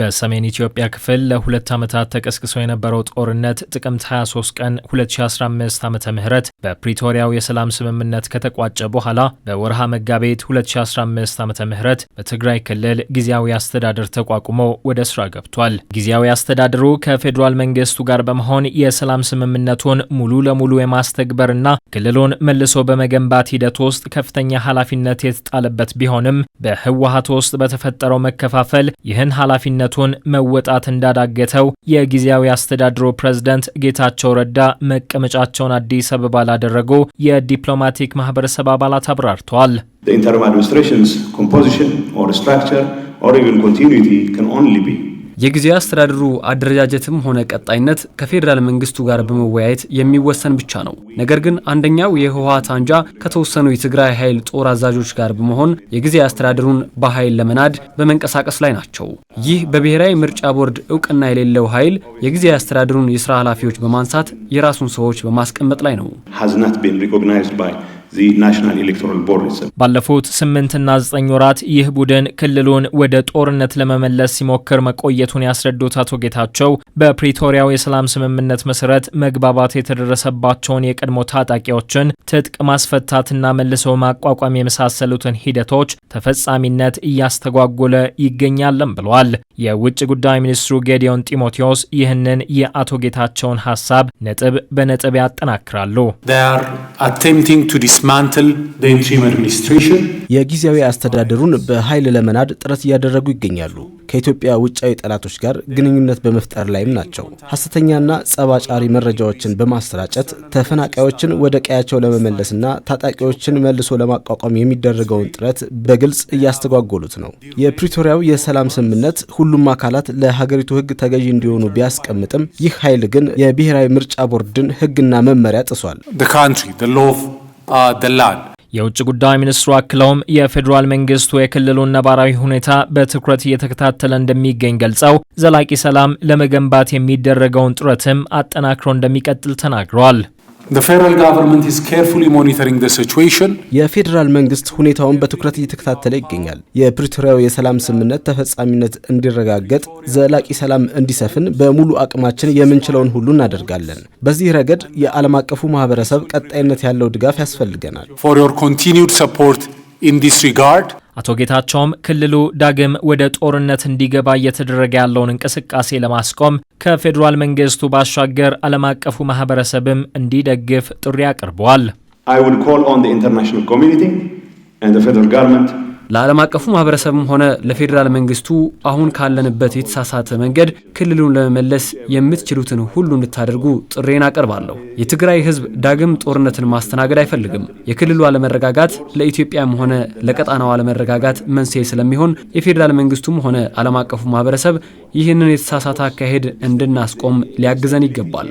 በሰሜን ኢትዮጵያ ክፍል ለሁለት ዓመታት ተቀስቅሶ የነበረው ጦርነት ጥቅምት 23 ቀን 2015 ዓ ም በፕሪቶሪያው የሰላም ስምምነት ከተቋጨ በኋላ በወርሃ መጋቤት 2015 ዓ ም በትግራይ ክልል ጊዜያዊ አስተዳደር ተቋቁሞ ወደ ስራ ገብቷል። ጊዜያዊ አስተዳደሩ ከፌዴራል መንግስቱ ጋር በመሆን የሰላም ስምምነቱን ሙሉ ለሙሉ የማስተግበርና ክልሉን መልሶ በመገንባት ሂደት ውስጥ ከፍተኛ ኃላፊነት የተጣለበት ቢሆንም በህወሀት ውስጥ በተፈጠረው መከፋፈል ይህን ኃላፊነት ኃላፊነቱን መወጣት እንዳዳገተው የጊዜያዊ አስተዳድሩ ፕሬዝደንት ጌታቸው ረዳ መቀመጫቸውን አዲስ አበባ ላደረጉ የዲፕሎማቲክ ማህበረሰብ አባላት አብራርተዋል። ኢንተሪም አድሚኒስትሬሽንስ ኮምፖዚሽን ኦር ስትራክቸር ኦር ኢቨን ኮንቲኒቲ ካን ኦንሊ ቢ የጊዜያዊ አስተዳደሩ አደረጃጀትም ሆነ ቀጣይነት ከፌዴራል መንግስቱ ጋር በመወያየት የሚወሰን ብቻ ነው። ነገር ግን አንደኛው የህወሀት አንጃ ከተወሰኑ የትግራይ ኃይል ጦር አዛዦች ጋር በመሆን የጊዜያዊ አስተዳደሩን በኃይል ለመናድ በመንቀሳቀስ ላይ ናቸው። ይህ በብሔራዊ ምርጫ ቦርድ እውቅና የሌለው ኃይል የጊዜያዊ አስተዳደሩን የስራ ኃላፊዎች በማንሳት የራሱን ሰዎች በማስቀመጥ ላይ ነው። ናሽናል ኤሌክቶራል ቦርድ ባለፉት ስምንትና ዘጠኝ ወራት ይህ ቡድን ክልሉን ወደ ጦርነት ለመመለስ ሲሞክር መቆየቱን ያስረዱት አቶ ጌታቸው በፕሪቶሪያው የሰላም ስምምነት መሰረት መግባባት የተደረሰባቸውን የቀድሞ ታጣቂዎችን ትጥቅ ማስፈታትና መልሶ ማቋቋም የመሳሰሉትን ሂደቶች ተፈጻሚነት እያስተጓጎለ ይገኛለን ብለዋል። የውጭ ጉዳይ ሚኒስትሩ ጌዲዮን ጢሞቴዎስ ይህንን የአቶ ጌታቸውን ሀሳብ ነጥብ በነጥብ ያጠናክራሉ። የጊዜያዊ አስተዳደሩን በኃይል ለመናድ ጥረት እያደረጉ ይገኛሉ። ከኢትዮጵያ ውጫዊ ጠላቶች ጋር ግንኙነት በመፍጠር ላይም ናቸው። ሐሰተኛና ጸባጫሪ መረጃዎችን በማሰራጨት ተፈናቃዮችን ወደ ቀያቸው ለመመለስና ታጣቂዎችን መልሶ ለማቋቋም የሚደረገውን ጥረት በግልጽ እያስተጓጎሉት ነው። የፕሪቶሪያው የሰላም ስምምነት ሁሉም አካላት ለሀገሪቱ ሕግ ተገዢ እንዲሆኑ ቢያስቀምጥም ይህ ኃይል ግን የብሔራዊ ምርጫ ቦርድን ሕግና መመሪያ ጥሷል። uh, የውጭ ጉዳይ ሚኒስትሩ አክለውም የፌዴራል መንግስቱ የክልሉን ነባራዊ ሁኔታ በትኩረት እየተከታተለ እንደሚገኝ ገልጸው ዘላቂ ሰላም ለመገንባት የሚደረገውን ጥረትም አጠናክሮ እንደሚቀጥል ተናግረዋል። የፌዴራል መንግስት ሁኔታውን በትኩረት እየተከታተለ ይገኛል። የፕሪቶሪያው የሰላም ስምምነት ተፈጻሚነት እንዲረጋገጥ፣ ዘላቂ ሰላም እንዲሰፍን በሙሉ አቅማችን የምንችለውን ሁሉ እናደርጋለን። በዚህ ረገድ የዓለም አቀፉ ማህበረሰብ ቀጣይነት ያለው ድጋፍ ያስፈልገናል። አቶ ጌታቸውም ክልሉ ዳግም ወደ ጦርነት እንዲገባ እየተደረገ ያለውን እንቅስቃሴ ለማስቆም ከፌዴራል መንግስቱ ባሻገር ዓለም አቀፉ ማህበረሰብም እንዲደግፍ ጥሪ አቅርበዋል። I will call on ለዓለም አቀፉ ማህበረሰብም ሆነ ለፌዴራል መንግስቱ አሁን ካለንበት የተሳሳተ መንገድ ክልሉን ለመመለስ የምትችሉትን ሁሉ እንድታደርጉ ጥሬን አቀርባለሁ። የትግራይ ህዝብ ዳግም ጦርነትን ማስተናገድ አይፈልግም። የክልሉ አለመረጋጋት ለኢትዮጵያም ሆነ ለቀጣናው አለመረጋጋት መንስኤ ስለሚሆን የፌዴራል መንግስቱም ሆነ ዓለም አቀፉ ማህበረሰብ ይህንን የተሳሳተ አካሄድ እንድናስቆም ሊያግዘን ይገባል።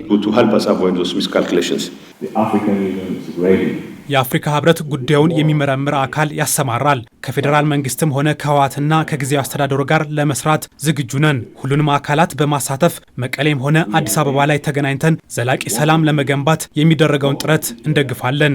የአፍሪካ ህብረት ጉዳዩን የሚመረምር አካል ያሰማራል። ከፌዴራል መንግስትም ሆነ ከህወሓትና ከጊዜያዊ አስተዳደሩ ጋር ለመስራት ዝግጁ ነን። ሁሉንም አካላት በማሳተፍ መቀሌም ሆነ አዲስ አበባ ላይ ተገናኝተን ዘላቂ ሰላም ለመገንባት የሚደረገውን ጥረት እንደግፋለን።